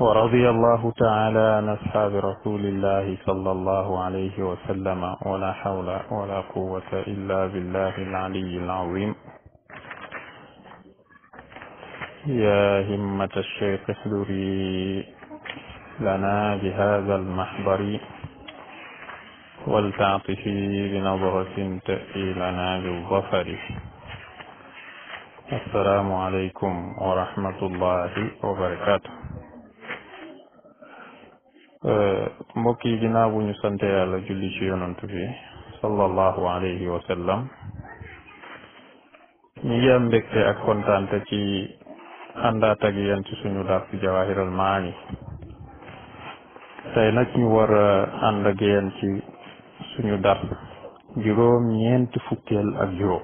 ورضي الله تعالى عن أصحاب رسول الله صلى الله عليه وسلم ولا حول ولا قوة إلا بالله العلي العظيم يا همة الشيخ احذري لنا بهذا المحضر ولتعطفي بنظرة تأتي لنا بالظفر السلام عليكم ورحمة الله وبركاته Euh, mbokk yi ginnaaw bu ñu sante yàlla julli ci yonantu bi sallallahu alayhi wa sallam ñi ngi am ak kontaante ci àndaat ak ci suñu dars jawahiral maani tey nag ñu war a ànd ak yéen ci suñu dars juróom ñeenti fukkeel ak juróom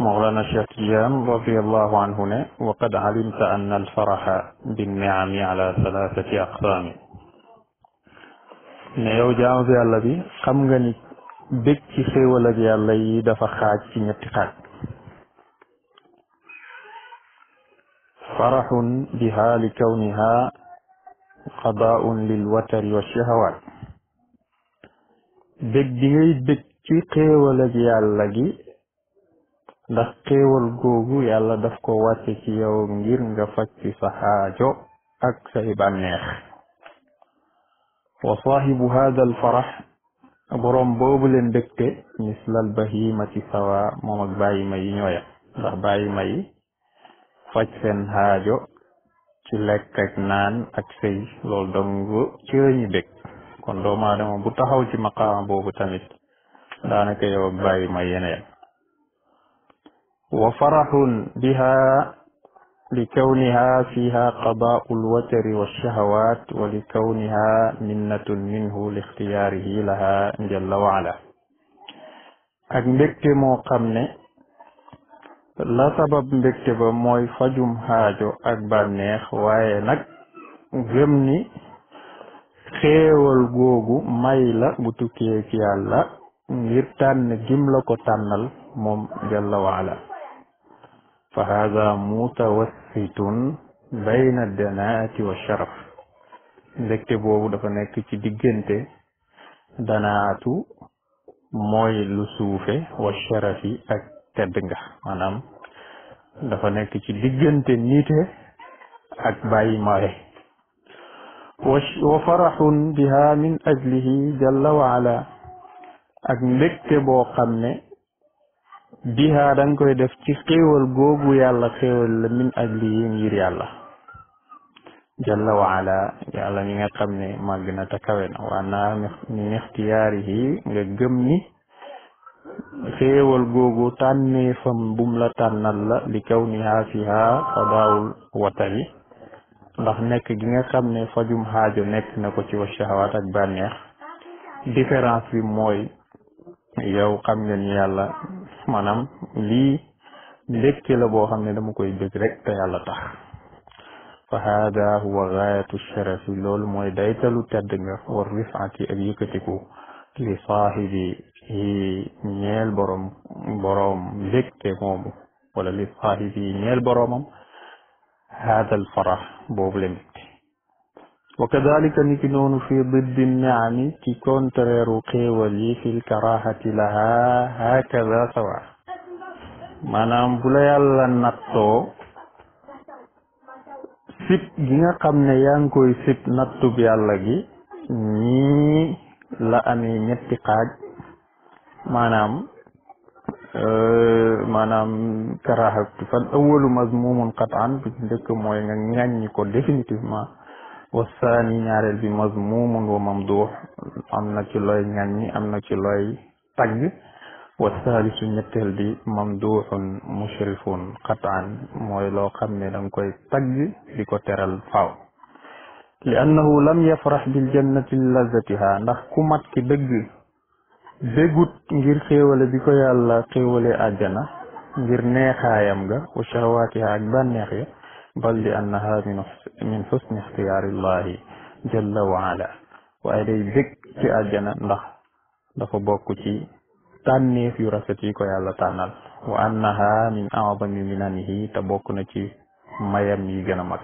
مولانا شيخ جيام رضي الله عنه وقد علمت أن الفرح بالنعم على ثلاثة أقسام نيو جاوز يا الله بي خم غني بك كيسي ولد يا فرح بها لكونها قضاء للوتر والشهوات بك بك كي خيو ndax xéewal googu yàlla daf ko wàcce ci yow ngir nga faj ci sa ak say bànneex wa saaxibu hada al farax boroom boobu leen mbégte mislal bahimati sawa moom ak bàyyi ma yi ndax bàyyi ma yi faj seen ci lekk ak ak sëy loolu dong ci lañu bég kon doomu aadama bu taxaw ci maqaama boobu tamit daanaka yow ak bàyyi ma yeneen wa farahun biha li kawniha fiha qadaa'ul watari wash-shahawaat wa li kawniha minnatun minhu li ixtiyaarihi laha jalla wa ak mbégte moo xam ne la sabab mbégte ba mooy fajum xaajo ak bànneex waaye nag gëm ni xéewal googu may la bu tukkee ci yàlla ngir tànn gim la ko tànnal moom jalla wa فهذا متوسط بين الدناءة والشرف لكتبوا بودك نكتي ديجنت دناءة موي لسوفة والشرف أكتدنغ مانام دفا نكتي ديجنت نيت اكباي باي ماي وفرح بها من أجله جل وعلا أك نكتبوا خمني bihaa da koy def ci xéewal googu yàlla xéewal la min ak ngir yàlla jalla waala yàlla mi nga xam ne màgg na te kawe na waa naa min nga gëm ni xéewal googu tànneefam bum la tànnal la li kaw nihaa fihaa xadaawul watari ndax nekk gi nga xam ne fajum xaajo nekk na ko ci wa shahawaat ak bànneex différence bi mooy yow xam nga yàlla maanaam lii mbégte la boo xam ne dama koy bëgg rek te yàlla tax fa hada huwa gaayatu sharafi loolu mooy daytalu tedd nga war rifaati ak yëkkatiku li saahibi ñeel boroom boroom mbégte moomu wala li saahibi ñeel boroomam hada al farax boobu la wa kadalika ni ki noonu fi diddi niami ci contraire xéewal yi fil karahati laha hakada sawa maanaam bu la yàlla nattoo gi nga xam ne yaa ngi koy sib nattub yàlla gi ñii la amee ñetti xaaj maanaam maanaam karaha fan awwalu mazmumun qatan bi ci mooy nga ŋàññi ko définitivement wa ñaareel bi mazmumun wa mamduux am na ci looy am na ci looy tagg wa bi mamduuxun mushrifun qataan mooy loo xam ne da koy tagg di ko teral faaw li lam yafrax bil jannati lazatiha ndax ku mat ki dëgg déggut ngir xéewale bi ko yàlla xéewale àjjana ngir neexaayam ga wa shahawaatiha ak bànneex ya bal li annaha min min xusni ixtiyaarillahi jalla wa waaye day bég ci àjjana ndax dafa bokk ci tànneef yu rafet yi ko yàlla tànnal wa annaha min aadami minanihi te bokk na ci mayam yi gën a mag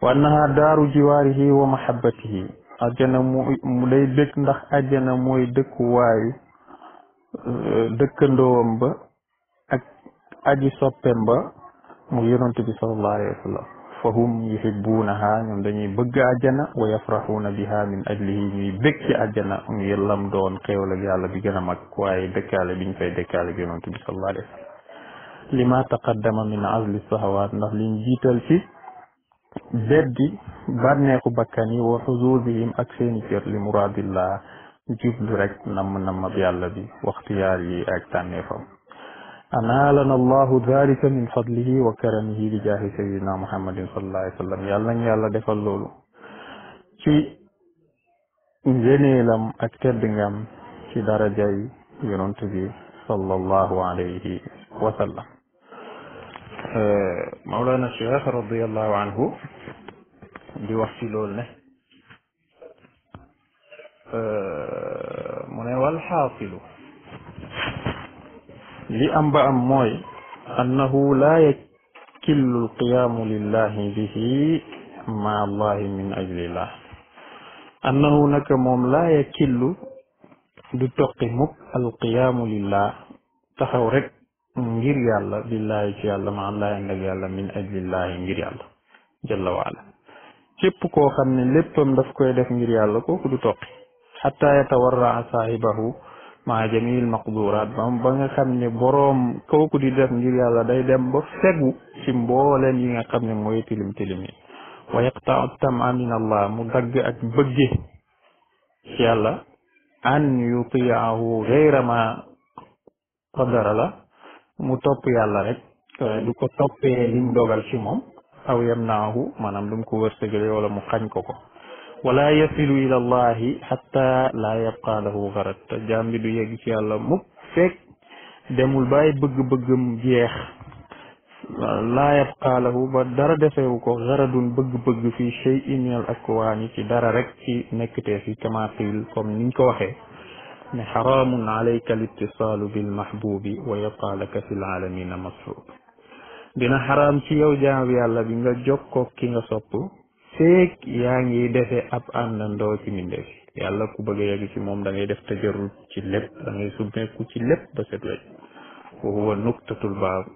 wa annaha daaru jiwaarihi wa mahabbatihi àjjana mu day bég ndax àjjana mooy dëkkuwaayu euh, dëkkandoowam ba ak aji soppeem mu yonent bi sallallahu alayhi wa sallam fa hum yuhibbuunaha ñoom dañuy bëgg àjjana wa yafrahuuna biha min ajlihi ñuy bëgg ci àjjana ngir lam doon xéewal ak yàlla bi gën a mag waaye dëkkaale biñ fay dëkkaale ak yonent bi sallallahu alayhi wa sallam lima taqaddama min azli sahawaat ndax liñ jiital ci beddi bànneexu bakkan yi wa xuzuzihim ak seeni cër li muraadillah jublu rek namm nammab yàlla bi waxtiyaar yi ak tànneefam أنالنا الله ذلك من فضله وكرمه بجاه سيدنا محمد صلى الله عليه وسلم يا الله يا الله دفل لولو في جنيل أكتر دنغم في درجة ينتبه صلى الله عليه وسلم اه، مولانا الشيخ رضي الله عنه بوحش لولنا اه، من والحاصل li am ba am mooy annahu laa yakillu alqiyaamu lillahi bihi ma allahi min ajlillah annahu naka moom laa yakillu du toqi mukk alqiyaamu lillah taxaw rek ngir yàlla billaahi ci yàlla ma allahi ndag yàlla min ajlillahi ngir yàlla jalla waala képp koo xam ne léppam daf koy def ngir yàlla kooku du toqi xatta yatawarraa saahibahu maa jamil maqduraat bam ba nga xam ne boroom kooku di def ngir yàlla day dem ba fegu ci mbooleem yi nga xam ne mooy tilim tilim yi wa yaqtau tama min allah mu dagg ak bëgge ci yàlla an yutiahu gayra ma qadara la mu top yàlla rek euh, du ko toppee liñ dogal ci moom aw yamnaahu maanaam lu mu ko wërsëgale wala mu xañ ko ko wala yasilu ila allahi xatta laa lahu garat te jaam bi du yegg ci yàlla mukk fekk demul bay bëgg-bëggam jeex laa yabqa lahu ba dara defewu ko garadun bëgg-bëgg fii shay'in min al akwaani ci dara rek ci nekkatee fi kama qiil comme niñ ko waxee ne xaraamun alayka al ittisaalu bil mahbubi wa yabqa laka fi l aalamina masrub dina xaraam ci yow jaam yàlla bi nga jokkoo ki nga sopp feek yaa ngi defe ab àndandoo ci mbindeef yàlla ku bëgg a ci moom da def tajarul ci lépp da ngay submeeku ci lépp ba set wecc wa huwa nuktatul baab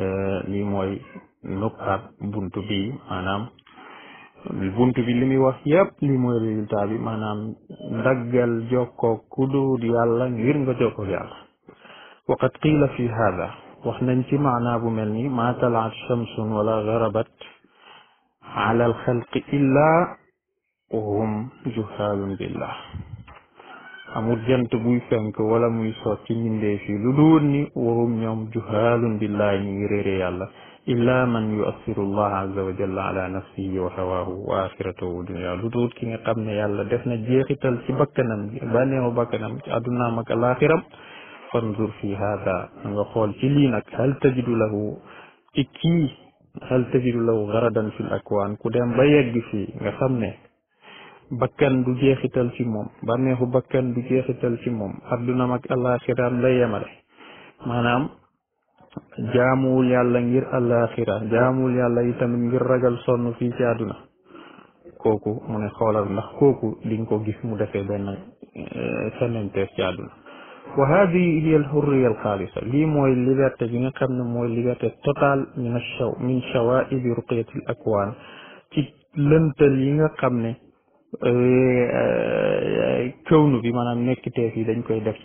euh, lii mooy nuktaat buntu bi maanaam buntu bi li muy wax yépp lii mooy résultat bi maanaam ndaggal jokkoo ku dul ngir nga jokkoo yàlla waqad qiila fi hada wax nañ ci bu mel ni ma talaat shamsun wala garabat ala alxalqi illa wa hum juhaalun billah amul jant buy fenk wala muy soot ci mbindeef yi lu dul ni wahum ñoom juhaalun billahi ñu ngi réere yàlla illa man yuassiru llah azza wa jalla ala nafsihi wa hawaahu wa axiratahu wa dunya lu dul ki nga xam ne yàlla def na jeexital ci bakkanam bànneewu bakkanam ci addunaam ak alaaxiram fanzur fi haada nga xool ci lii nag hal tajidu lahu ci kii hal tajidu lahu garadan fil akwaan ku den ba yegg fi nga xam ne bakkan du jeexital ci moom bànneexu bakkan du jeexital ci moom addunam ak alaxiraam la yemale maanaam jaamuwul yàlla ngir alaxira jaamuwul yàlla itamit ngir ragal sonn fii ci àdduna kooku mu ne xoolal ndax kooku di ko gis mu defe benn feneen eh, tees ci وهذه هي الحرية الخالصة لي موي ليبرتي بيغا خامن موي ليبرتي توتال من الشو من شوائب رقية الأكوان كي لم ييغا خامن كونو بي مانام نيكتي في دنج كاي داف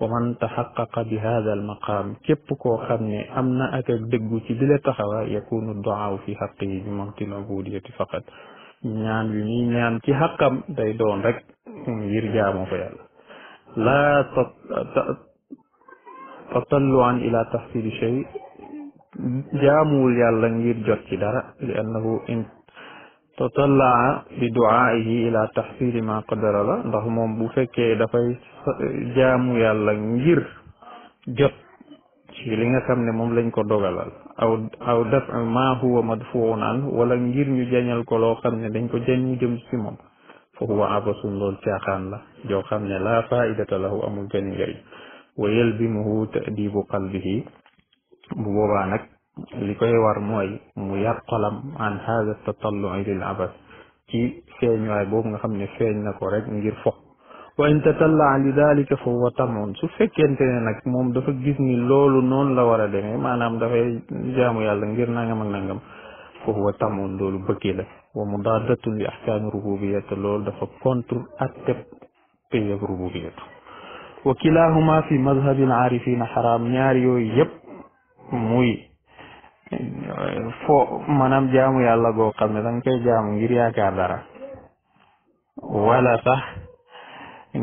ومن تحقق بهذا المقام كيب كو خامن امنا اك دغو سي ديلا يكون الدعاء في حقه بمنت العبودية فقط نيان وي نيان سي حقام داي دون رك يير جامو لا تط- ت- tatalluan ila tahsili shay jaamuwul yàlla ngir jot ci dara li annahu in tatallaa bi duaihi ila tahsili ma qadara la ndax moom bu fekkee dafay jaamu yàlla ngir jot ci li nga xam ne moom lañ ko dogalal aw aw daf ma huwa madfuun an wala ngir ñu jañal ko loo xam ne dañ ko jañ mu jëm ci moom fa huwa abasun lool caaxaan la joo xam ne laa faidata lahu amul benn njëriñ wa yalbimuhu ta'dibu qalbihi bu boobaa nag li koy war mooy mu yar xolam an hada tatallu'i lil abas ci feeñwaay boobu nga xam ne feeñ na ko rek ngir fo wa in tatallaa li dalika fa huwa tamoon su fekkente ne nag moom dafa gis ni loolu noonu la war a demee maanaam dafay jaamu yàlla ngir nangam ak nangam fa huwa tamoon loolu bëggee la ومضادة لأحكام الربوبية لول دفا كونتر أتب بي الربوبية وكلاهما في مذهب العارفين حرام نياريو يب موي فو منام جامو يالا غو قد مدن كي جامو يريا كاردارا ولا صح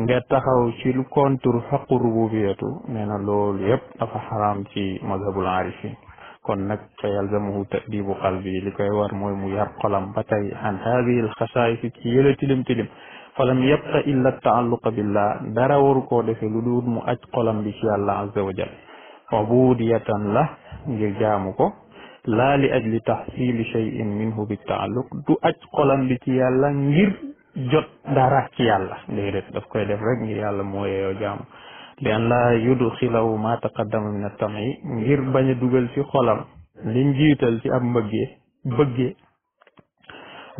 nga taxaw ci lu contre faqru bobiyatu neena lool yep dafa haram ci madhabul arifin kon nag fa yalzamuhu ta'dibu qalbi li koy war mooy mu yar xolam ba tey an haadihi alxasaayisi ci yële tilim tilim falam yabqa illa taalluqa billah dara waru koo defee lu duut mu aj xolam bi ci yàlla azza wa jal ubudiyatan la ngir jaamu ko la li ajli tahsili shay'in minhu bi taalluq du aj xolam bi ci yàlla ngir jot dara ci yàlla déedéet daf koy def rek ngir yàlla moo yeeyoo li an laa yudxilawu ma taqaddama min at-tam'i ngir bañ a dugal ci xolam liñ jiital ci ab mbëggee bëggee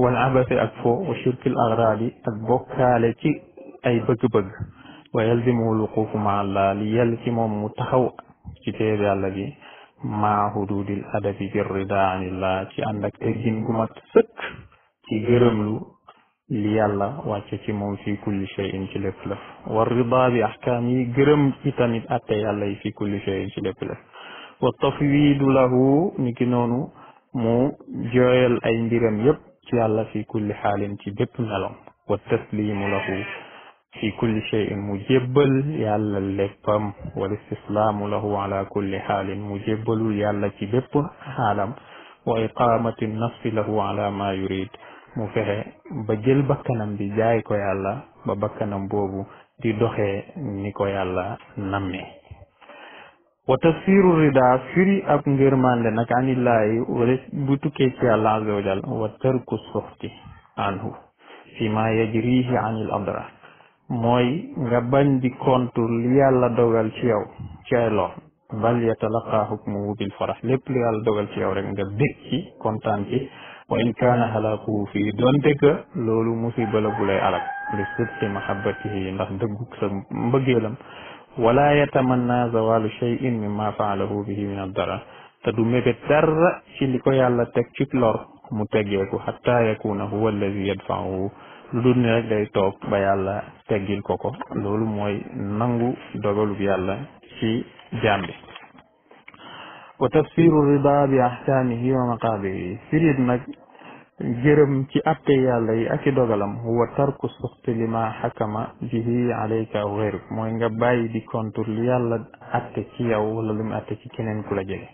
wal abase ak fo wa shirkil agradi ak bokkaale ci ay bëgg-bëgg wa yalzimuhu lwuqufu ma allah li yell ci moom mu taxaw ci téeb yàlla bi maa hududil adabi bir rida anillah ci ànd ak teggin gu mat sëkk ci gërëmlu ليالا واتشي موم في كل شيء كليف لف والرضا بأحكامي جرم إتامد أتى يالا في كل شيء كليف لف والتفويض له نكنونو مو جويل أي ديرم يب يالا في كل حال تي بيب والتسليم له في كل شيء مجبل يالا لفهم والاستسلام له على كل حال مجبل يالا تي حالم وإقامة النفس له على ما يريد mu fexe ba jël bakkanam bi jaay ko yàlla ba bakkanam boobu di doxe ni ko yàlla namme wa tafsiru rida firi ab ngërmande nag anillaahi wala bu ci yàlla azza wa jal wa tarku suxti anhu fi ma yajrihi anil abdara mooy nga bañ di kontu yàlla dogal ci yow ci ay lor bal yatalaqaa hukmuhu bil farax lépp yàlla dogal ci yow rek nga bég kontaan ci wa in kaana xalaaku fii donte que loolu mu la bu lay alak li sidqi mahabbatihi ndax dëggug sa mbëggeelam wala yatamanna zawalu cheyin mimma faalahu bihi min dara te du mébét dara ci li ko yàlla teg ci lor mu teggeeku xatta yakuna huwa alladi yadfaahu lu dul ni rek day toog ba yàlla teggil ko ko loolu mooy nangu dogalub yàlla ci jaam bi wa tafsiru rida bi ahkaamihi wa maqaabirihi firit nag gërëm ci atte yàlla yi ak i dogalam wa tarku suxti li ma xakama bihi alayka aw xeyruk mooy nga bàyyi di kontur li yàlla atte ci yow wala lu mu atte ci keneen ku la jege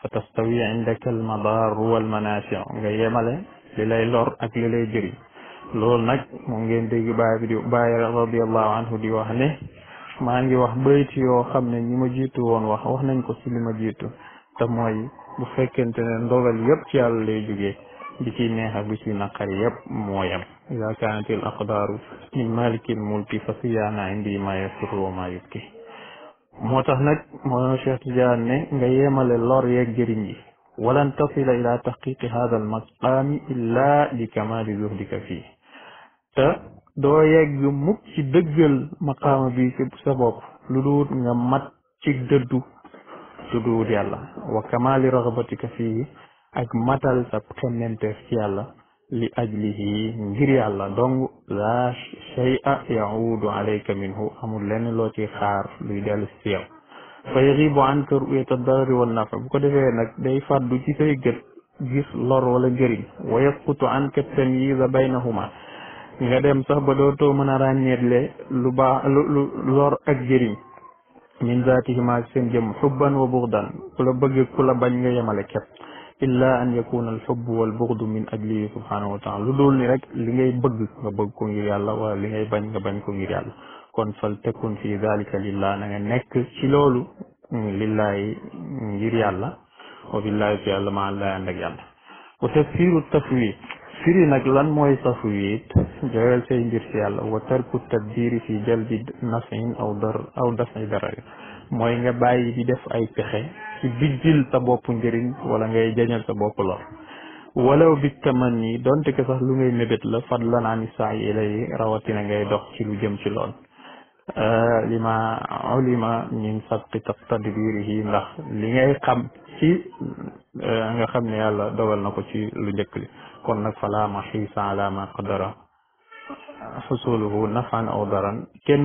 fa tastawi indaka al madar wal manafiu nga yemale li lay lor ak li lay jëriñ loolu nag moom ngeen dégg baay bi di baay wax ne maa ngi wax bayt yoo xam ne ñi ma jiitu woon wax wax nañ ko ci li ma jiitu te mooy bu fekkente ne ndogal yépp ci yàlla lay jógee bi ci neex ak bi ci naqari yépp moo yem ida kaanatil aqdaaru min malikin mulki fa siyaana indi ma yasiru wa ma yubki moo tax nag moo Cheikh Tidiane ne nga yemale lor yeeg jëriñ yi walan tasila ila taxqiqi hada al maqaami illa bi kamaali zuhdika fii te doo yegg mukk ci dëggal maqaama bi ci sa bopp lu dul nga mat ci dëddu tudduwut yàlla wa kamaali raxabatika fii ak matal sa xemmenteef ci yàlla li ajlihi ngir yàlla dong la shay'a yaudu alayka minhu amul lenn loo ci xaar luy dellu si yow fa yaxibu anka ru'yata darari wal nafa bu ko defee nag day fàddu ci say gët gis lor wala njëriñ wa yasqutu anka tamyiza baynahuma nga dem sax ba dootoo mën a ràññeetle lu lu lor ak njëriñ min zaatihima ak seen jëm xubban wa buxdan ku la bëgg ku la bañ nga yemale képp illa an yakuna al xubb wal buxdu min ajlihi subhanahu wa taala lu dul ni rek li ngay bëgg nga bëgg ko ngir yàlla wala li ngay bañ nga bañ ko ngir yàlla kon fal takun fi dalika lillah na nga nekk ci loolu lillahi ngir yàlla wa billahi fi yàlla ma la ànd ak yàlla wa tafsiru tafwid firi nag lan mooy tafwid joyal say mbir ci yàlla wa tarku tadbiri fi jalbi nafin aw dar aw dafi darar mooy nga bàyyi di def ay pexe ci bijjil sa bopp njëriñ wala ngay jañal sa bopp lor walaw bi taman yi donte ko sax lu ngay mébét la fadlan ani saay ilay rawatina ngay dox ci lu jëm ci lool euh, lima ulima min sabqi tadbirihi ndax li ngay xam ci euh, nga xam ne yàlla dogal na ko ci lu njëkk li kon nak fala hi ala ma qadara xusuluhu nafan aw daran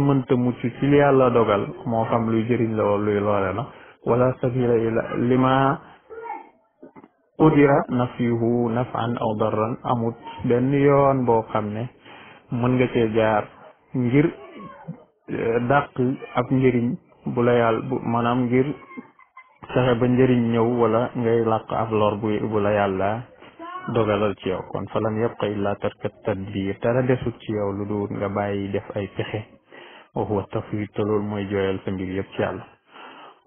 mën ta muccu ci li yalla dogal mo xam luy jëriñ la wala luy loole la wala sabila ila lima udira nafihu nafan aw daran amut ben yoon bo xamne ne mën nga ci jaar ngir dak ab njëriñ bu la yàlla bu manam ngir fexe ba njëriñ ñew wala ngay làq ab lor bu la yalla dogalal ci yow kon falam yabqa illa tarkat tadbir dara desut ci yow lu dul nga bàyyi def ay pexe wa huwa tafwid te loolu mooy jooyal sa mbir yëpp ci yàlla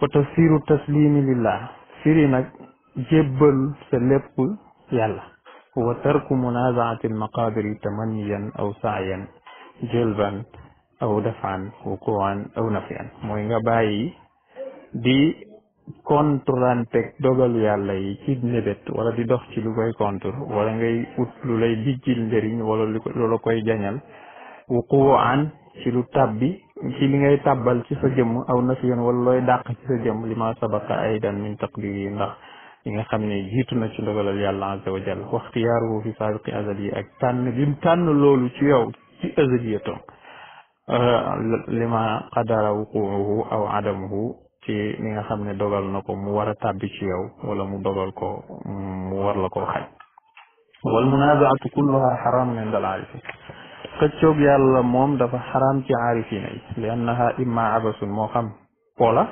wa tafsiru taslimi lillah firi nag jébbal sa lépp yàlla wa tarku munazaati almaqadiri tamanniyan aw saayan jëlban aw dafaan wuquan aw nafian mooy nga di konturanteeg dogalu yàlla yi ci mébét wala di dox ci lu koy kontur wala ngay ut lu lay dijjil njëriñ wala lu la koy jañal wuquwa an ci lu tabbi ci li ngay tabbal ci sa jëmm aw nafiyan wala looy dàq ci sa jëmm lima ma sabaqa aidan min taqdiri ndax li nga xam ne jiitu na ci dogalal yàlla azza wa jal waxtiyaaruhu fi saabiqi azal yi ak tànn tànn loolu ci yow ci azaliyatam euh, lima qadara wuquuhu aw adamuhu ci li nga xam ne dogal na ko mu war a tàbbi ci yow wala mu dogal ko mm, mu war la koo xaj wal munaazaatu kulluha xaram min dal aarifi xëccoog yàlla moom dafa xaram ci aarifina yi li annaha imma abasun moo xam pola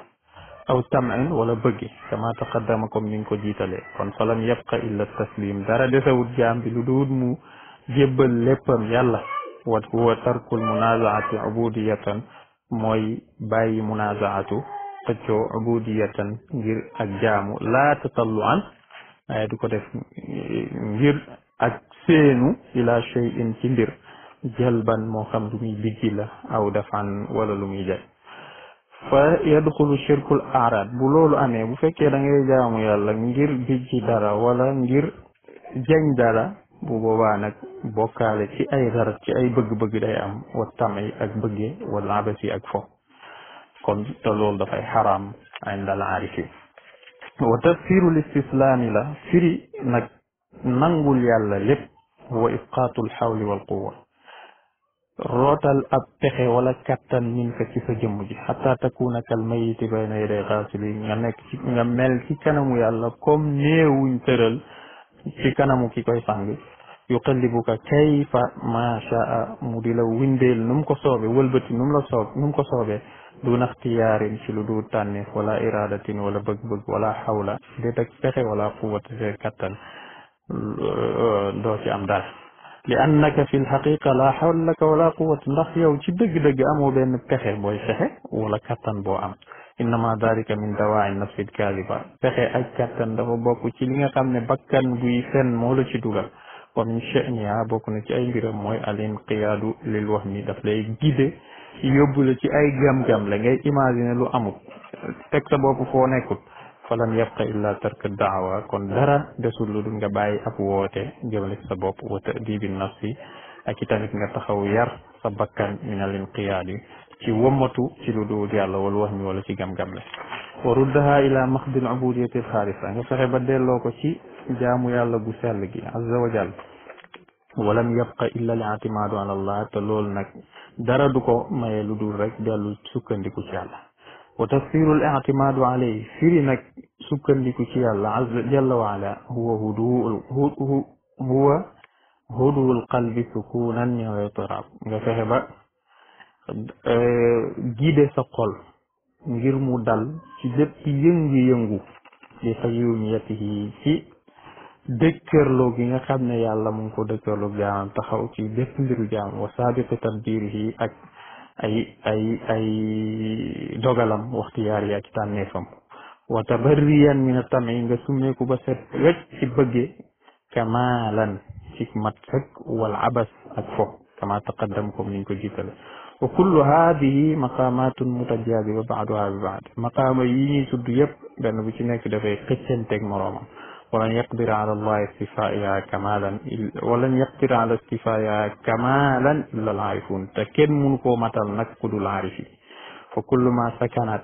aw tamin wala bëggi kama taqaddama comme ni nga ko jiitalee kon falam yabqa illa taslim dara desewut jaam bi lu duut mu jébbal léppam yàlla wa huwa tarkul munaazaati ubudiyatan mooy bàyyi munaazaatu xëccoo ubudiyatan ngir ak jaamu laa tatalluan waaye du ko def ngir ak seenu ila shay'in ci mbir jalban moo xam lu muy biggi la aw dafan wala lu muy jay fa yadxulu shirkul arad bu loolu amee bu fekkee dangay jaamu yàlla ngir biggi dara wala ngir jañ dara bu boobaa nag bokkaale ci ay dara ci ay bëgg-bëgg day am wa tami ak bëgge wala abasi ak fo kon te loolu dafay xaraam indal aarifi wa tafsiru listislaami la firi nag nangul yàlla lépp wa isqaatul xawli wal quwa rootal ab pexe wala kattan min ka ci sa jëmm ji xataa takuna kal mayiti bayna yaday xaasili nga nekk ci nga mel ci kanamu yàlla comme néewuñ tëral ci kanamu ki koy sàng yuqallibuka kayfa ma shaa mu di la windeel nu ko soobe wëlbati num la soob num ko soobee duna ixtiyaarin ci lu du tànneef wala iradatin wala bëgg-bëgg wala xawla déet ak pexe wala quwwata see kattan euh, doo ci am dara li ndax yow ci dëgg amoo benn pexe booy fexe wala kattan boo am innama dalika min dawaa'i nafsi kaadiba pexe ak kattan dafa bokk ci li nga xam ne bakkan guy fen moo la ci dugal wa min bokk na ci ay mbiram mooy al inqiyaadu lil wahmi daf lay gide yóbbu la ci ay gam-gam la ngay imaginer lu amut teg sa bopp foo nekkut falan yabqa illa tark daawa kon dara desul lu nga bàyyi ab woote jëmale sa bopp wa tadibi nafsi ak nga taxaw yar sa bakkan min al ci wommatu ci lu dul yàlla wala wax mi wala ci gam-gam la wa ruddaha ila maxdil ubudiyati al nga fexe ba delloo ko ci jaamu yàlla gu sell gi azza wa jal walam illa al i'timaadu ala allah te loolu nag dara du ko maye lu dul rek dellu sukkandiku ci yàlla wa tafsirul i'timaadu alayhi firi nag sukkandiku ci yàlla azza jalla wa ala huwa hudu huwa huduwul qalbi sukunan ñëwee turaab nga fexe ba e, guider sa xol ngir mu dal ci lépp yëngu-yëngu di fayu ci dëkkërloo gi nga xam ne yàlla mu ngi ko dëkkërloo jaamam taxaw ci bépp mbiru jaam wa saabiqu tadbirihi ak ay ay ay dogalam waxtu yaar ak ci tànneefam wa tabarriyan min atami nga summeeku ba set wecc ci kamaalan ci mat sëkk wal abas ak fo kama taqaddam comme niñ ko jiitale wa kullu haadihi maqaamatun mutajaabiba baaduha bi baad maqaama yi ñuy tudd yépp benn bu ci nekk dafay xëccanteeg moroomam ولن يقدر على الله استفائها كمالا ولن يقدر على استفائها كمالا الا العارفون تكن منكو مثل نكد العارف فكل ما سكنت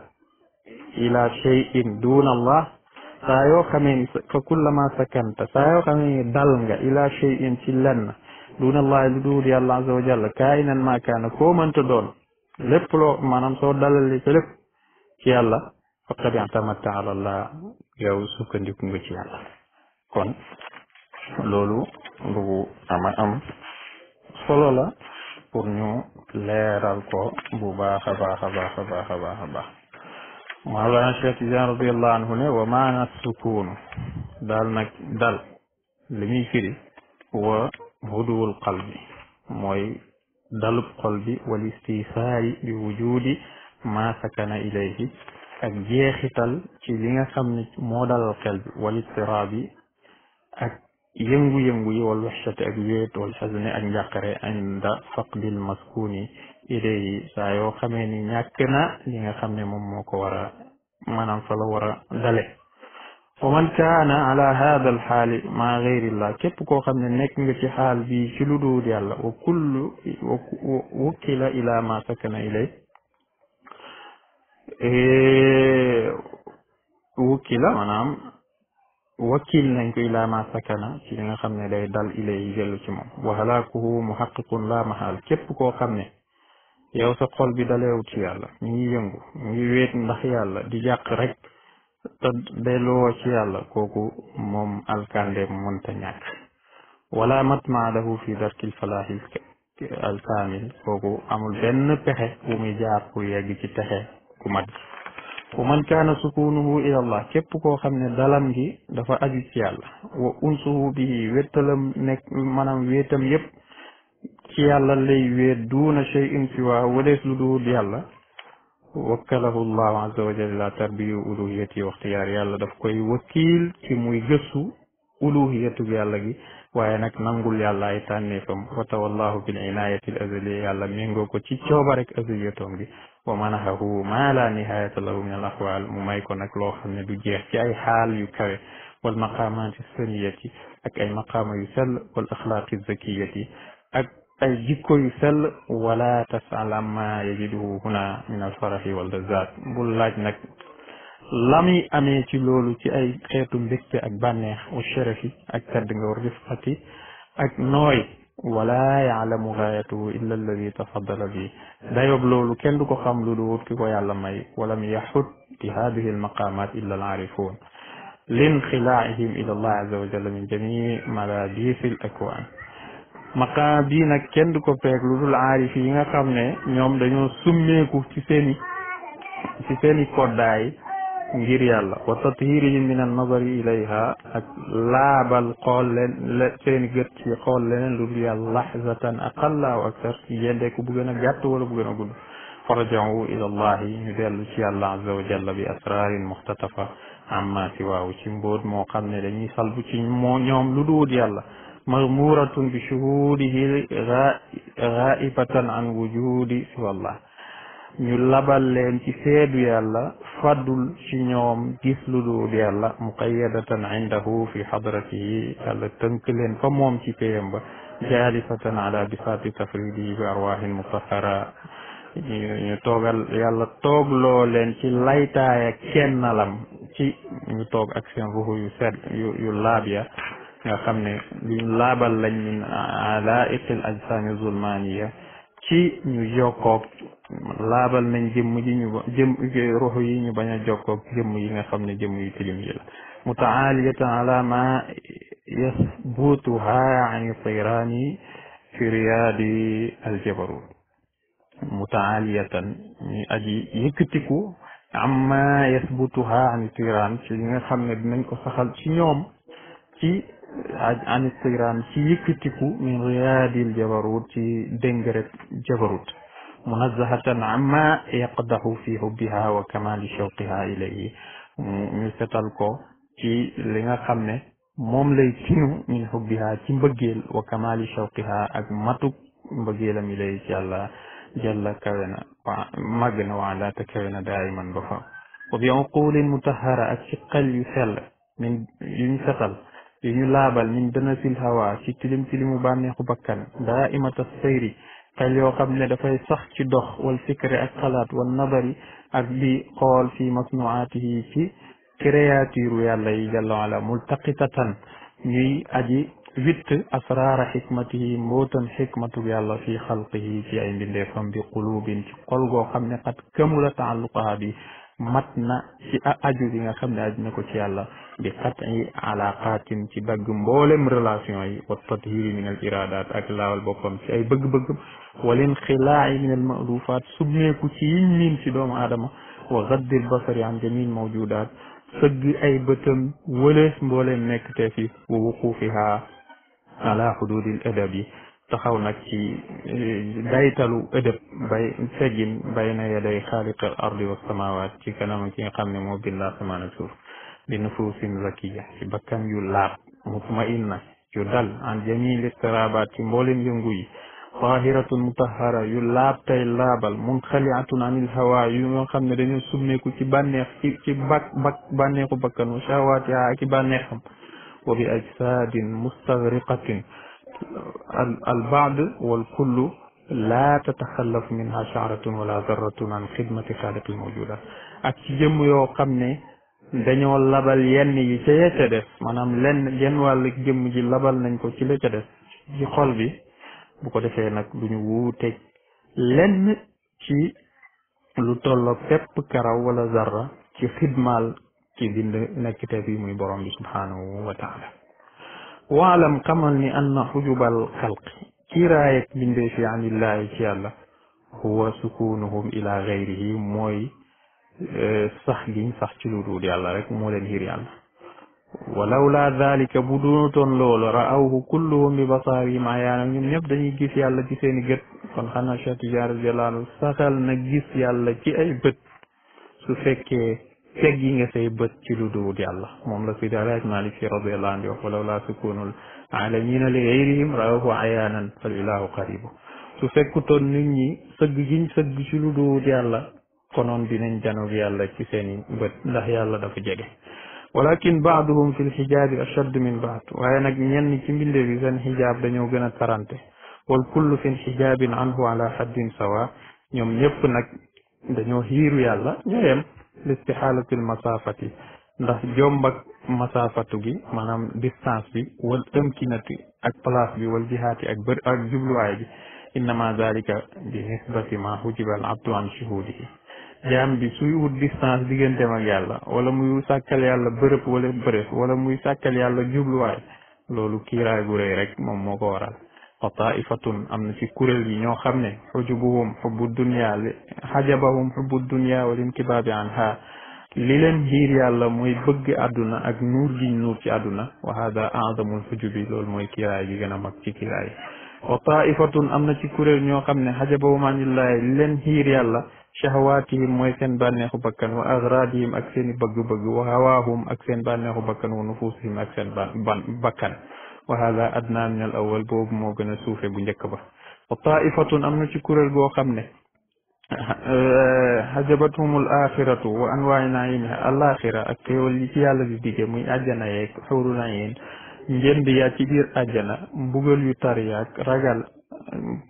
الى شيء دون الله فكل ما سكنت سايو كمين الى شيء تلن دون الله لدود الله عز وجل كائنا ما كان كوم انت دون لبلو ما نمسو دلل لبلو كي الله فقد اعتمدت على الله جاو سكن يكون بجي الله kon lolu lu ama am solo la pour ñu leral ko bu baax a baax a baax a baax a baax a baax mawlana cheikh anhu ne wa maana sukuunu dal nak dal li muy firi wa hudul qalbi moy dalub qalbi wal istifai bi wujudi ma sakana ilayhi ak jeexital ci li nga xam ne moo dalal xel bi wal istiraab ak yëngu-yëngu yi wal waxshat ak wéet wal xasne ak njàqare inda faqdil maskuni ilayhi saa yoo xamee ni ñàkk na li nga xam ne moom moo ko war a maanaam fa la war a dale wa man kaana ala hada al xaali maa gayrillah képp koo xam ne nekk nga ci xaal bii ci lu dul yàlla wa kullu wukkila ila ma sakana ilay wukkila maanaam wakiil nañ ko ilaa ma sakana ci li nga xam ne day dal ilay jellu ci moom wa halaakuhu muhaqiqun la mahaal képp koo xam ne yow sa xol bi daleewut ci yàlla mu ngi yëngu mu ngi wéet ndax yàlla di jàq rek te delloo ci yàlla kooku moom alkande mënta ñàkk wala matma lahu fi darkil falaahi alkaamil kooku amul benn pexe bu muy jaar pour yegg ci pexe ku mat wa man kaana sukunuhu ila allah képp koo xam ne dalam gi dafa aju ci yàlla wa unsuhu bi wéttalam nekk maanaam wéetam yépp ci yàlla lay wéet duuna shay'in siwa walees lu duul yàlla wakkalahu llahu azza wa uluhiyati wa ixtiyaar daf koy wakiil ci muy gëstu uluhiyatu yàlla gi waaye nag nangul yàlla ay tànneefam wa tawallahu bil inayati al gi ومنحه ما لا نهاية له من الأحوال ممايكو نكلو خمنا دو جيح جاي حال يكوي والمقامات السنية أك أي مقام يسل والإخلاق الزكية أك أي جيكو يسل ولا تسأل عما يجده هنا من الفرح واللذات بل نك لامي أمي لولو تي أي خيرتم بكت أك بانيخ وشرفي أك تردنغور رفقتي أك نوي wala yaalamu gaayatahu illa alladi tafaddala bi dayob loolu kenn du ko xam lu duwut ki ko yàlla may walam yaxut bi hadihi almaqamat illa alaarifuun linxilaa'ihim ila allah azza wa jalla min akwaan maqaam bii nag kenn du ko peeg lu dul aarif yi nga xam ne ñoom dañoo summeeku ci seeni ci seeni koddaay ngir yàlla wa tathirihim min annazari ilayha ak laabal xool leen seen gët ci xool leneen lu dul yàlla lahzatan aqalla wa aktar ci yendeeku bu gën a gàtt wala bu gën a gudd farajahu ila allahi ñu dellu ci yàlla azza wa jalla bi asrarin muxtatafa amma siwaaw ci mbóot moo xam ne dañuy salbu ci moo ñoom lu duwut yàlla maghmuratun bi shuhudihi ghaibatan an wujudi siwallah ñu labal leen ci seedu yàlla fadul ci ñoom gis lu dul yàlla muqayyadatan indahu fi hadratihi yàlla tënk leen fa moom ci payam ba jalisatan ala bisaati tafridi bi arwahin mutahara ñu toogal yàlla toog loo leen ci laytaaya kennalam ci ñu toog ak seen ruxu yu sedd yu yu laab ya nga xam ne luñ laabal lañ min alaiqil ajsami zulmaniya ci ñu yokkoog laabal nañ jëmm ji ñu ba jëm ruux yi ñu bañ a jokkoog jëmm yi nga xam ne jëmm yu tilim yi la mutaaliyatan ala ma yasbutuha an tiraani fi riyaadi aljabarut mutaaliyatan ñu aji yëkkatiku amma yasbutuha an tiraan ci li nga xam ne dinañ ko saxal ci ñoom ci an tiraan ci yëkkatiku min riyaadi aljabarut ci déngrek jabarut منزهة عما يقده في حبها وكمال شوقها إليه ميستالكو تي لغا خمنا موم لي تينو من حبها تي وكمال شوقها أك ماتوك مبجيل ملي جل جل كرنا مغن وعلا تكرنا دائما بفا وبيعقول متهرة أشقى يسل من ينسقل ينلابل من دنس الهواء في تلم تلم بانيخ بكان دائما تسيري xel yoo xam ne dafay sax ci dox wal fikri ak xalaat wal nadari ak di xool fi masnuaatihi ci créature yàlla yi jalla wala multaqitatan ñuy aji witt asraara xikmatihi mbootan xikmatu yàlla fi xalqihi ci ay mbindeefam bi qulubin ci xol goo xam ne xat kamula taalluqaha bi mat na ci aju bi nga xam ne aju na ko ci yàlla بقطع علاقات في بعض مولم رلاسيوني والتطهير من الإرادات أكلا والبقم في أي بق بق والانخلاع من المألوفات سبني كتين من في دوم آدم وغد البصر عن جميع الموجودات سج أي بتم ولس مولم كتافي ووقوفها على حدود الأدب تخونا كي دايتلو أدب سجن بين يدي خالق الأرض والسماوات كي كنا ممكن قمنا بالله سبحانه وتعالى bi nufuusin zakiya ci bakkan yu laab mutmainna yu dal an jamili tarabaat ci mboolem yëngu yi tahiratun mutahara yu laab tay laabal munxaliatun anil hawa yu nga xam ne dañoo summeeku ci bànneex ci ci bak bak bànneexu bakkan wa shawaatiha ak i bànneexam wa bi ajsadin mustaghriqatin al al baad wal kullu laa tataxallaf minha shaaratun wala zarratun an xidmati xaaliqil mawjudat ak ci jëmm yoo xam ne dañoo labal yenn yi ca ya ca des maanaam lenn yenn wàllu jëmm ji labal nañ ko ci la ca des ci xol bi bu ko defee nag duñu wuute lenn ci lu tolloog pepp karaw wala zarra ci xidmaal ci bind nekkiteef yi muy borom bi subhanahu wa taala waalam xamal ni anna xujubal xalqi kiiraayeg bindee fi anillahi ci yàlla huwa sukunuhum ila gayrihi mooy sax giñ sax ci lu dul rek moo leen xiir wala walawla dalika bu dunutoon loolu raawhu kulluhum bi basaarihim ayaanam ñoom ñëpp dañuy gis yàlla ci seeni gët kon xanaa Cheikh Tidiane radiyallahu anhu saxal na gis yàlla ci ay bët su fekkee teg yi nga say bët ci lu dul moom la Seydi Alhaaj Malik Si radiyallahu ayaanan fal ilahu qaribu su fekkutoon nit ñi sëgg giñ sëgg ci lu dul konon dinañ janoog yàlla ci seeni bët ndax yàlla dafa jege walakin baaduhum fi lxijaabi ashadd min baad waaye nag ñenn ci mbinde bi seen xijaab dañoo gën a tarante wal kullu fi xijaabin anhu ala haddin sawa ñoom ñëpp nag dañoo xiiru yàlla ñooyem listixaalati almasaafati ndax jombak ak masaafatu gi maanaam distance bi wal ëmkinati ak place bi wal jihaati ak bër ak jubluwaay bi innama dalika bi nisbati ma hujiba al abdu an shuhudihi jaam bi suy wut distance diggante ak yàlla wala muy sàkkal yàlla bërëb wala bërëb wala muy sàkkal yàlla jubluwaay loolu kiiraay gu rëy rek moom moo ko waral wa taifatun am na ci kuréel yi ñoo xam ne xujubuhum xubbu dunya li xajabahum xubbu dunya wal inkibaabi anha li leen xiir yàlla mooy bëgg àdduna ak nuur giñ nuur ci àdduna wa hada azamul xujubi loolu mooy kiiraay gi gën a mag ci kiiraay wa am na ci kuréel ñoo xam ne xajabahum anillaahi li leen xiir yàlla shahawaatihim mooy seen bànneexu bakkan wa agradihim ak seen i bëgg-bëgg wa hawaahum ak seen bànneexu bakkan wa nufuusihim ak seen ban bakkan wa hada adna min al awal boobu moo gën a suufe bu njëkk ba wa taifatun am na ci kuréel goo xam ne hajabathum al axiratu wa anwaai naimiha al axira ak xéewal yi ci yàlla di digge muy àjjana yeeg xawru na yeen njënd yaa ci biir àjjana mbugal yu tar yaag ragal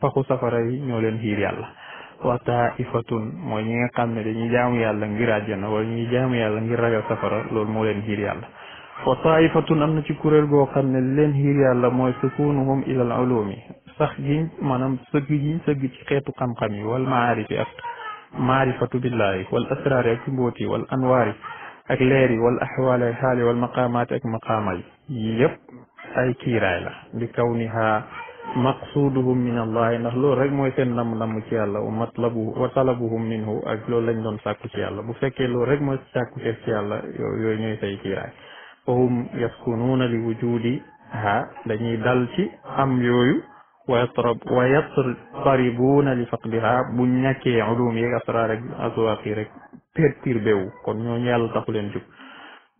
paxu safara yi ñoo leen xiir yàlla wa taifatun mooy ñi nga xam ne dañuy jaamu yàlla ngir àjjana wala ñuy jaamu yàlla ngir ragal safara lool moo leen xiir yàlla wa taifatun am na ci kuréel goo xam ne leen xiir yàlla mooy sukunuhum ilal ulumi sax giñ maanaam sëgg giñ sëgg ci xeetu xam-xam yi wal maarifi ak maarifatu billahi wal asraari ak mbóot yi wal anwaar yi ak leer yi wal axwaali ak xaali wal maqaamaati ak maqaama yi ay kiiraay la bi maqsuduhum min allahi ndax loolu rek mooy seen namm-namm ci yàlla wa matlabu wa talabuhum minhu ak loolu lañ doon sàkku ci yàlla bu fekkee loolu rek mooy sàkku teef ci yàlla yooyu yooyu ñooy say kiiraay fahum yaskunuuna li wujudi ha dañuy dal ci am yooyu wa yatrab wa yattaribuuna li faqdiha bu ñàkkee ulum yeeg asraar rek aswaaq yi rek perturbé wu kon ñooñu yàlla taxu leen jub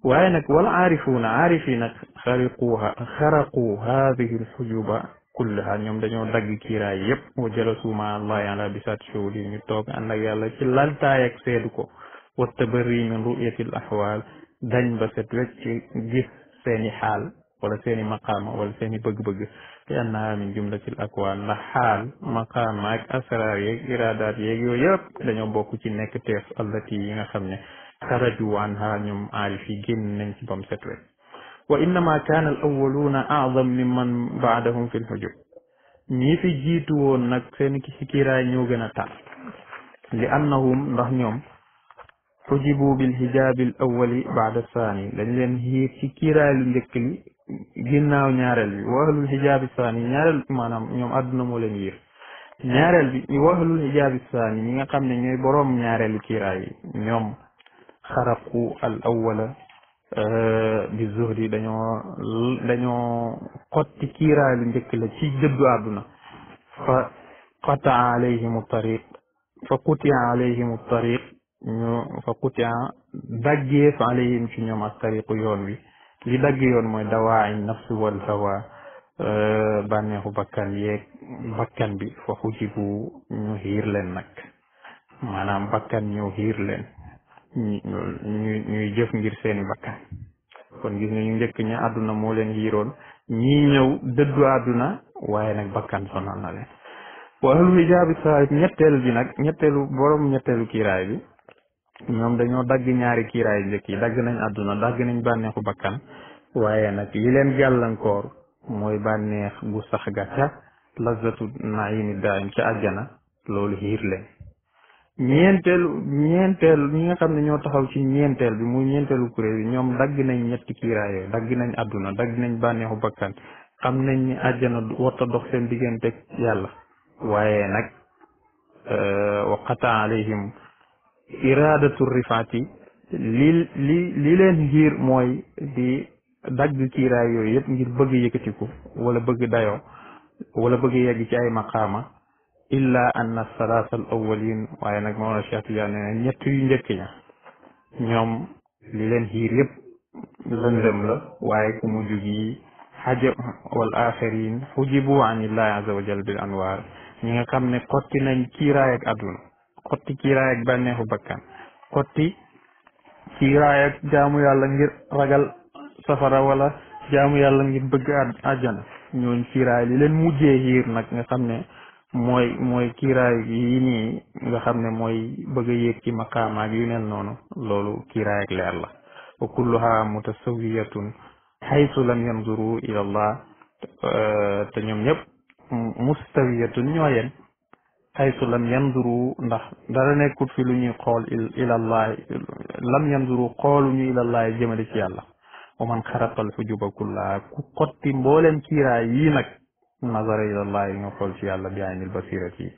waaye nag wala aarifuuna aarif yi nag xariquuha xaraqu haadihi lxujuba kullaha ñoom dañoo dagg kiiraay yépp wa jalasu ma allahi ala bisaat shuhudi ñu toog ànd ak yàlla ci laltaay ak seedu ko wa tabari min ruyatil ahwal dañ ba set wecc ci gis seeni xaal wala seeni maqaama wala seeni bëgg-bëgg te annaha min jumlatil akwal ndax xaal maqaama asraar yeeg iradaat yeeg yooyu yëpp dañoo bokk ci nekk teef allati yi nga xam ne xaraju anha ñoom aarif yi génn nañ ci bam set wecc وإنما كان الأولون أعظم ممن بعدهم في الحجب نيفي جيتو نك سين كيكيرا نيو غنا لأنهم رهنيوم حجبوا بالحجاب الأول بعد الثاني لأن لن هي كيكيرا لنكلي جناو نيارل وأهل الحجاب الثاني نيارل مانام نيوم أدنو مولين يير نيارل وأهل الحجاب الثاني نيقام نيوم بروم نيارل كيراي نيوم خرقوا الأول bi zuhri dañoo dañoo xotti kiiraayu lu njëkk la ci dëddu àdduna fa qataa alayhim tariq fa qutia alayhim tariq ñu fa qutia daggeef alayhim ci ñoom ak tariqu yoon wi li dagg yoon mooy dawaayi nafsi wal hawa bànneexu bakkan yeeg bakkan bi fa xujibu ñu xiir leen nag maanaam bakkan ñëw xiir leen ñu ñuy jëf ngir seeni bakkan kon gis nga njëkk ña àdduna moo leen yiroon ñii ñëw dëddu àdduna waaye nag bakkan sonal na leen walu ijaabi saahib ñetteelu bi nag ñetteelu borom ñetteelu kiiraay bi ñoom dañoo dagg ñaari kiiraay njëkk yi dagg nañ àdduna dagg nañ bànneexu bakkan waaye nag li leen gàllankoor mooy bànneex bu sax ga ca lazatu naimi daayim ca àjjana loolu xiir leen ñeenteelu ñeenteel ñi nga xam ne ñoo taxaw ci ñeenteel bi muy ñeenteelu kuréel bi ñoom dagg nañ ñetti kiiraay yooyu dagg nañ àdduna dagg nañ bànneexu bakkan xam nañ ni àjjana warta dox seen diggante yàlla waaye nag euh, waqata alayhim iradatu rifaati li li li leen xiir mooy di dagg kiiraay yooyu yëpp ngir bëgg yëkkatiku wala bëgg dayoo wala bëgg yegg ci ay maqaama illa anna salaasa al awwalin waaye nag moom la Cheikh Tidiane nee na ñett yu njëkk ña ñoom li leen xiir yëpp lëndëm la waaye ku mujj gi xaja wal axirin an illahi azza wa bil anwaar ñi nga xam ne xotti nañ kiiraay ak àdduna xotti kiiraay ak bànneexu bakkan xotti kiiraay ak jaamu yàlla ngir ragal safara wala jaamu yàlla ngir bëgg àjjana ñooñ kiiraay li leen mujjee xiir nag nga xam ne mooy mooy kiiraay yi nga xam ne mooy bëgg a yéeg ci yu nel noonu loolu kiiraay ak leer la wa kulluha mutasawiyatun xaytu lam yanzuru ila allah eh, te ñoom ñëpp mustawiyatun ñoo yem xaytu lam yanzuru ndax dara nekkut fi lu ñuy xool ilallah lam yanzuru xooluñu ilallah jëmale ci yàlla wa man xaraqal xujuba kullaha ku xotti mbooleem kiiraay yii nazara ilallah yi nga xool ci yàlla bi aynil basirati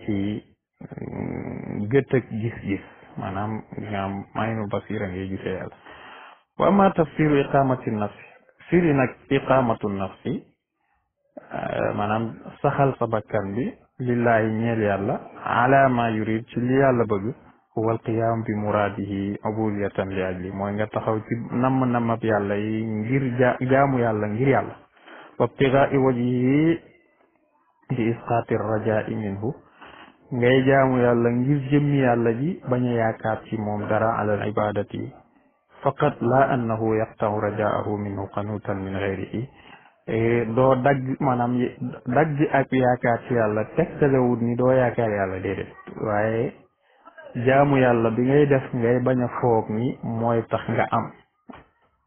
ci mm, gët ak gis-gis maanaam nga am aynul basira ngay gisee yàlla wa ama tafsiru iqamati nafsi firi nag iqamatu nafsi eh, maanaam saxal sa bakkan bi lillahi ñeel yàlla ala ma yurid ci li yàlla bëgg wal qiyam bi muradihi ubudiyatan li ajli mooy nga taxaw ci namm-nammab yàlla yi ngir jaamu yàlla ngir yàlla wabtigaa i wajhihi bi isqaati rajaa'i minhu ngay jaamu yàlla ngir jëmmi yàlla ji bañ a yaakaar moom dara alal ibadati faqat la annahu yaqtau rajaahu minhu qanutan min gayrihi e, doo dagg dagg ak yaakaar ci yàlla tegtalewut ni doo yaakaar yàlla déedéet waaye jaamu yàlla bi ngay def ngay bañ a ni mooy tax nga am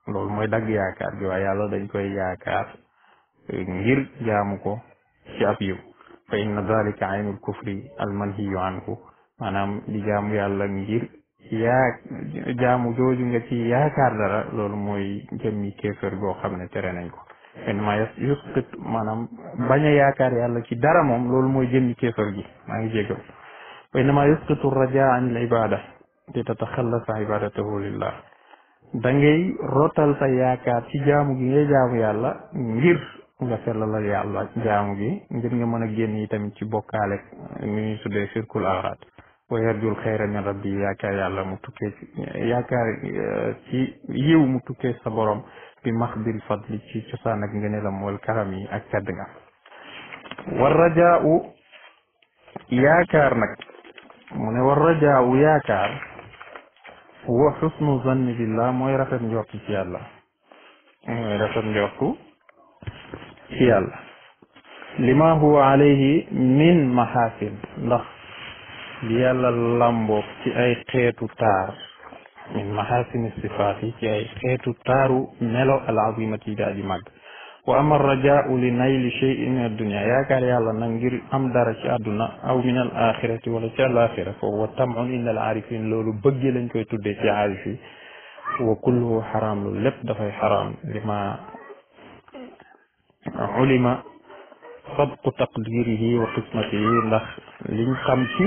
loolu mooy dagg yaakaar gi waaye yàlla dañ koy yaakaar ngir jaamu ko ci ab yiw fa inna dalika aynul kufri al manhiyu anhu maanaam di jaamu yàlla ngir yaa jaamu jooju nga ci yaakaar dara loolu mooy jëmmi kéefër goo xam ne tere nañ ko innama yusqit maanaam bañ a yaakaar yàlla ci dara moom loolu mooy jëmmi kéefër gi maa ngi jégal fa innama yusqitu raja an al ibada di tataxallasa ibadatahu lillah da ngay yaakaar ci jaamu gi ngay ngir nga sellalal yàlla jaamu gi ngir nga mën a génn yi tamit ci bokkaale ni ñuy tuddee sirkul awraat wa yarjul xayra min rabbi yaakaar yàlla mu tukkee ci yaakaar euh, ci yiw mu tukkee sa borom bi max bil fadli ci cosaan ak ngëneelam wal karam yi ak tedd nga war rajaau yaakaar nag mu ne war rajaau yaakaar wa xusnu zanni billah mooy rafet njortu ci yàlla mooy rafet njortu ci yàlla lima huwa alayhi min mahasin ndax li yàlla làmboog ci ay xeetu taar min mahasini sifaat yi ci ay xeetu taaru melo al azimati daaji màgg wa ama rajaau li nayli cheyin min addunia yaakaar yàlla nag ngir am dara ci àdduna aw min al axirati wala ci al axira foofu wa tamun inna al arifin loolu bëggee lañ koy tuddee ci aarif yi wa kulluhu xaraam loolu lépp dafay xaraam ulima sabtu taqdirihi wa qismatihi ndax liñ xam ci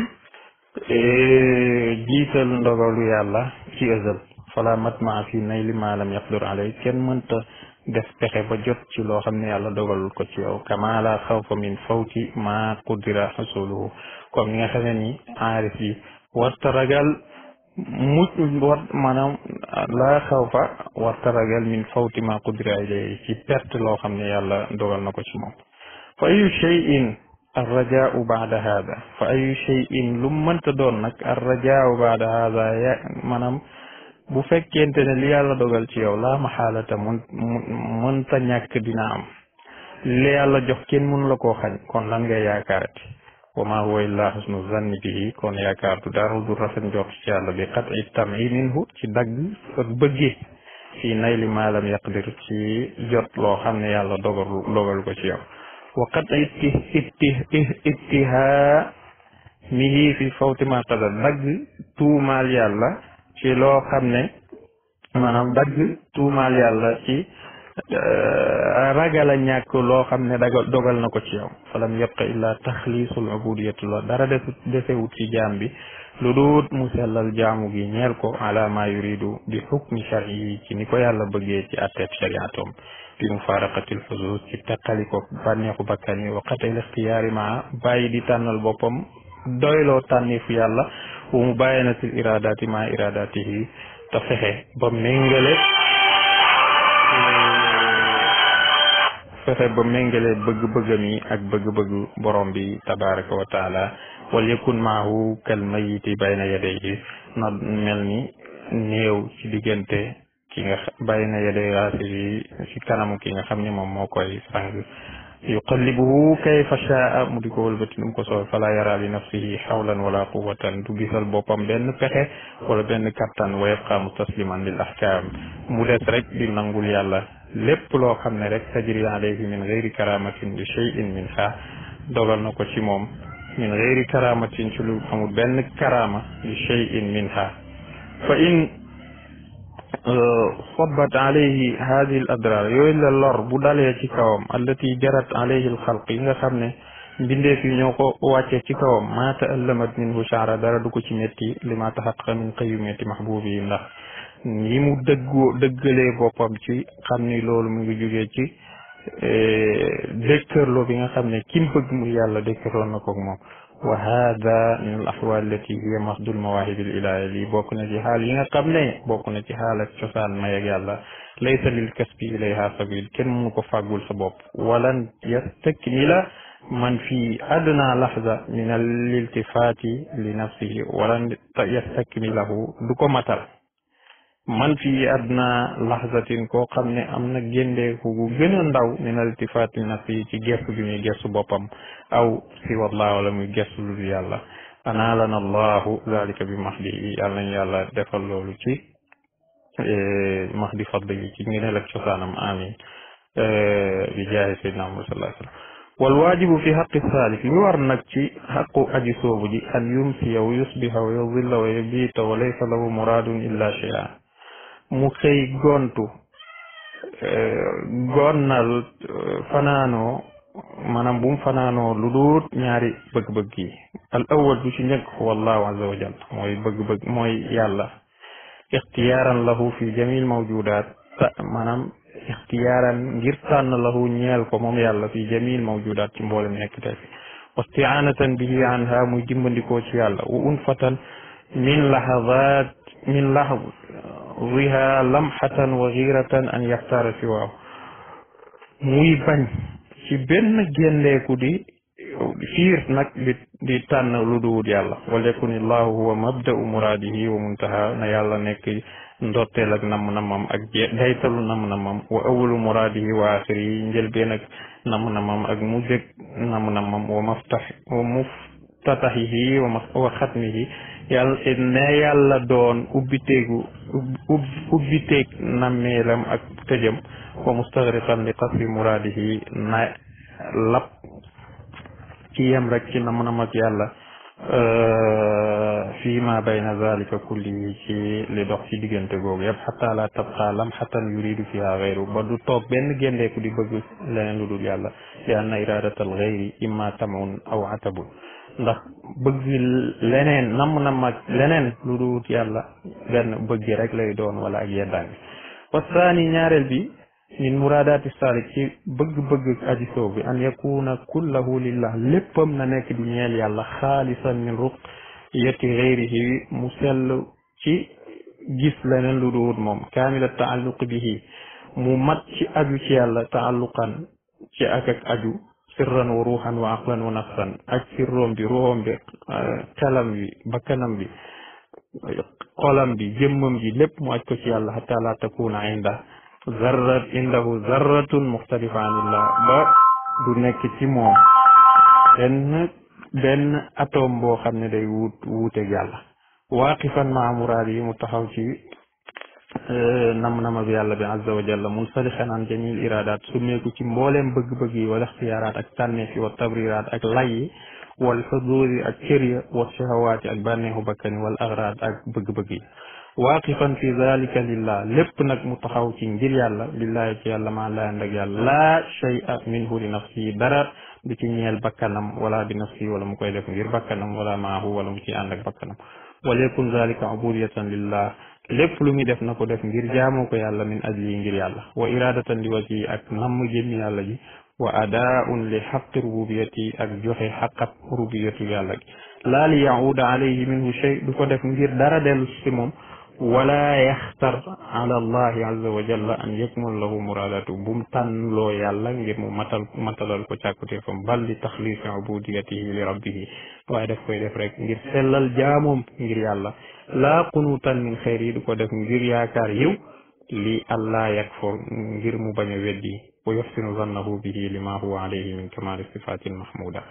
jiital ndogalu yàlla ci ësal fala matmaa fi nay li maalam yaqdur alay kenn mënta def pexe ba jot ci loo xam ne yàlla dogalul ko ci yow kama la xawfa min fawti ma qudira xasuluhu comme ni nga xamee ni aarif yi warta ragal mucc war maanaam laa xawfa warta ragal min fawti ma qudira ilayhi ci perte loo xam ne yàlla dogal na ko ci moom fa ayu cheyin arrajaau baada hada fa ayu cheyin lu mënta doon nag arrajaau baada hada ya maanaam bu fekkente ne li yàlla dogal ci yow laa maxaalata mun mënta ñàkk dina am li yàlla jox kenn mënu la ko xañ kon lan ngay yaakaarati wa maa huwa illaa husnu zanni bihi kon yaakaar du dara du rafet njort ci yàlla bi xat it tam i minhu ci dagg ak bëggee fii nayli maa lam yaqdir ci jot loo xam ne yàlla dogal dogal ko ci yow wa xat itti itti ittihaa mihi fi fawti ma qadar dagg tuumaal yàlla ci loo xam ne maanaam dagg tuumaal yàlla ci Euh, ragal a ñàkk loo xam ne dagal dogal na ko ci yow falam yabqa illa taxliisul ubudiyatullah dara desu desewut ci jaam bi lu duut mu sellal jaamu gi ñeel ko ala ma yuridu bi xukmi shar'i ci ni ko yàlla bëggee ci atteeb shariatoom bi mufaaraqatil xusuus ci teqaliko bànneexu bakkan yi waqatil ixtiyaari maa bàyyi di tànnal boppam doyloo tànnifu yàlla wu mu bàyyi na sil iradaati maa iradaatihi te fexe ba méngale fexe ba méngale bëgg-bëggam yi ak bëgg-bëgg borom bi tabaraka wa taala wal yakun maahu kal mayiti bayna yadayhi na mel ni néew ci diggante ki nga bayna yaday raasib yi ki nga xam ne moom moo koy sang yuqallibuhu kayfa shaa mu di ko wëlbati ko mu ko soobee fala yara li nafsihi xawlan wala quwatan du gisal boppam benn pexe wala benn kattan wa yabqa mustasliman lil ahkam mu des rek di nangul yàlla lépp loo xam ne rek tajri alayhi min ghairi karamatin li shay'in min ha dogal na ko ci moom min ghairi karamatin ci lu amul benn karama li shay'in min ha fa in sabat euh, alayhi adrar yooyu la lor bu dalee ci kawam allati jarat alayhi al yi nga xam ne mbindeef yi ñoo ko wàccee ci kawam ma ta'allamat minhu shaara dara du ko ci métti li ma taxaqqa min qayumiyati mahbubi ndax yi mu dëggu dëggalee boppam ci xam ni loolu mu ngi jógee ci dëkkërloo bi nga xam ne kim bëgg mu yàlla dëkkërloon na koog moom wa hada min al ahwal allati hiya masdul mawahib al ilahi lii bokk na ci xaal yi nga xam ne bokk na ci xaal ak cosaan may ak yàlla laysa lil kasbi ilayha sabil kenn mënu ko fàggul sa bopp walan yastakmila man fi adna lahza min al iltifati li nafsihi walan yastakmilahu du ko matal man fi adna lahzatin ko xamne amna gende ko géndeeku gu gën a ndaw min altifaati nafsi ci gertu bi muy gessu bopam aw fi wallahu wala muy gertu lu yàlla ana lana allah zalika bi mahdi yàlla nañu yàlla defal lolu ci mahdi fadli bi ci ngëneel ak cosaanam amin bi jaaye sayyidina muhammad sallallahu alayhi wa wal waajibu fi xaqi saalik li war nag ci xaqu aji soobu ji an yumsiya wa yusbiha wa yudilla wa yabiita wa laysa lahu muraadun illa cheyan mu xëy gontu gonnal fanaanoo maanaam bu mu fanaanoo lu duut ñaari bëgg-bëgg yi al awal bu ci njëkk wallahu azza wa jal mooy bëgg-bëgg mooy yàlla ixtiyaaran lahu fi jamil mawjudaat ta maanaam ixtiyaaran ngir tànn lahu ñeel ko moom yàlla fi jamil mawjudaat ci mboolem nekk tey wastiaanatan bihi anha muy dimbandikoo ci yàlla wa unfatan min lahazaat min lahaz wiha lamxatan wa xiiratan an yaxtaara si muy bañ ci benn génneeku di fiir nag di di tànn lu duwut yàlla walekun illahu huwa mabda'u muraadihi wa muntaha na yàlla nekk ndotteel ak nam namam ak daytalu nam namam wa awalu muraadihi wa axiri yi njëlbeen ak nam namam ak mujjëg nam namam wa maftax wa muftataxihi wa xatmihi yàlla ne yàlla doon ubbiteegu ubbiteeg nammeelam ak tëjëm wa mustaghriqan li qasfi muraadihi na lab ci yem rek ci na mën a mag yàlla euh, fii ma bayna zalika kulli ci li dox ci diggante googu yëpp xataa la tabqa lamxatan yuridu fiha gayru ba du toog benn géndeeku di bëgg leneen lu dul yàlla li anna iradatal gayri imma tamun aw atabun ndax bëgg leneen namm namm ak leneen lu duwut yàlla benn bëgg rek lay doon wala ak yeddaange wasaani ñaareel bi min muraadaati saalik ci bëgg-bëgg aju soow bi an yakuna kullahu lillah léppam na nekk di ñeel yàlla xaalisan min ruq yati xayrihi mu sell ci gis leneen lu duwut moom kaamila taalluq bihi mu mat ci aju ci yàlla taalluqan ci ak ak aju sirran wa ruuxan wa aqlan wa nafsan ak sirroom bi ruuxoom bi xelam bi bakkanam bi xolam bi jëmmam bi lépp mu aj ko ci yàlla hatta la takuna inda zarrat indahu zarratun muxtalifa anillah ba du nekk ci moom benn benn atome boo xam ne day wut wuuteeg yàlla waaqifan maa muraad yi mu taxaw ci Euh, nam nama bi yàlla bi azza wa jalla mun salixan an jamil iradaat summeeku ci mbooleem bëgg-bëgg yi wala ixtiyaaraat ak tànneef yi wa tabriraat ak layyi wal xuduuri ak cër ya wa shahawaati ak bànneexu bakkani wal agraad ak bëgg-bëgg yi waaqifan fi zalika lillah lépp nag mu taxaw ci ngir yàlla lillaahi ci yàlla maa laand ak yàlla laa shay'a minhu li nafsi dara du ci ñeel bakkanam wala bi nafsi wala mu koy def ngir bakkanam wala maahu wala mu ci ànd ak bakkanam wa yakun zalika ubudiyatan lillah lépp lu muy def na ko def ngir jaamoo ko yàlla min ajli ngir yàlla wa iradatan li wajhi ak nam jëmmi yàlla ji wa adaun li xaqi rububiyati ak joxe xaqat rububiyatu yàlla gi li yahuda alayhi minhu du ko def ngir dara dellu si moom wala yaxtar ala allahi azza wa jalla an yakmul lahu muradatu bu mu tànn loo yàlla ngir mu matal matalal ko càkkuteefam bal li taxlisi ubudiyatihi li rabbihi waaye daf koy def rek ngir sellal jaamoom ngir yàlla laa qunuutan min xeyr yi du ngir yaakaar yiw li allah yakfur ngir mu bañ a weddi wa yoxsinu zannahu bihi lima huwa alayhi min kamali sifatil mahmuda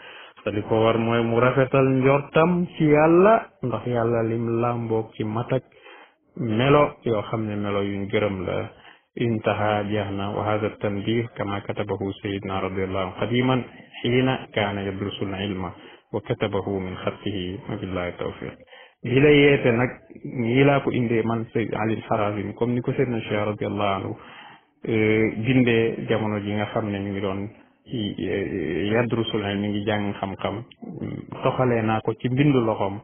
te li ko war mu rafetal njortam ci yàlla ndax yàlla lim làmboog matak melo yoo xam ne melo yuñ gërëm la intaha jeex na wa hada tanbih kama katabahu sayidna radiallahu qadiman xiina kaana yadrusu l ilma wa katabahu min xattihi wa billahi tawfiq bi la yeete nag nii laa ko indee man sayd ali Harazim comme ni ko seydna cheikh radiallahu anhu eh, binde jamono ji nga xam ne mi ngi doon eh, yadrusul ilm mi ngi jàng xam-xam toxalee naa ko ci mbindu loxoom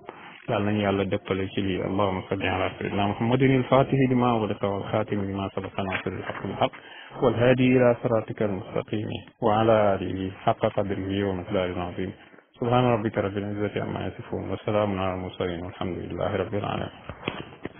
قال نيا الله دبل لي اللهم صل على سيدنا محمد الفاتح لما ولد والخاتم لما سبق ناصر الحق الحق والهادي الى صراطك المستقيم وعلى اله حق قدره ومثله العظيم سبحان ربك رب العزه عما يصفون والسلام على المرسلين والحمد لله رب العالمين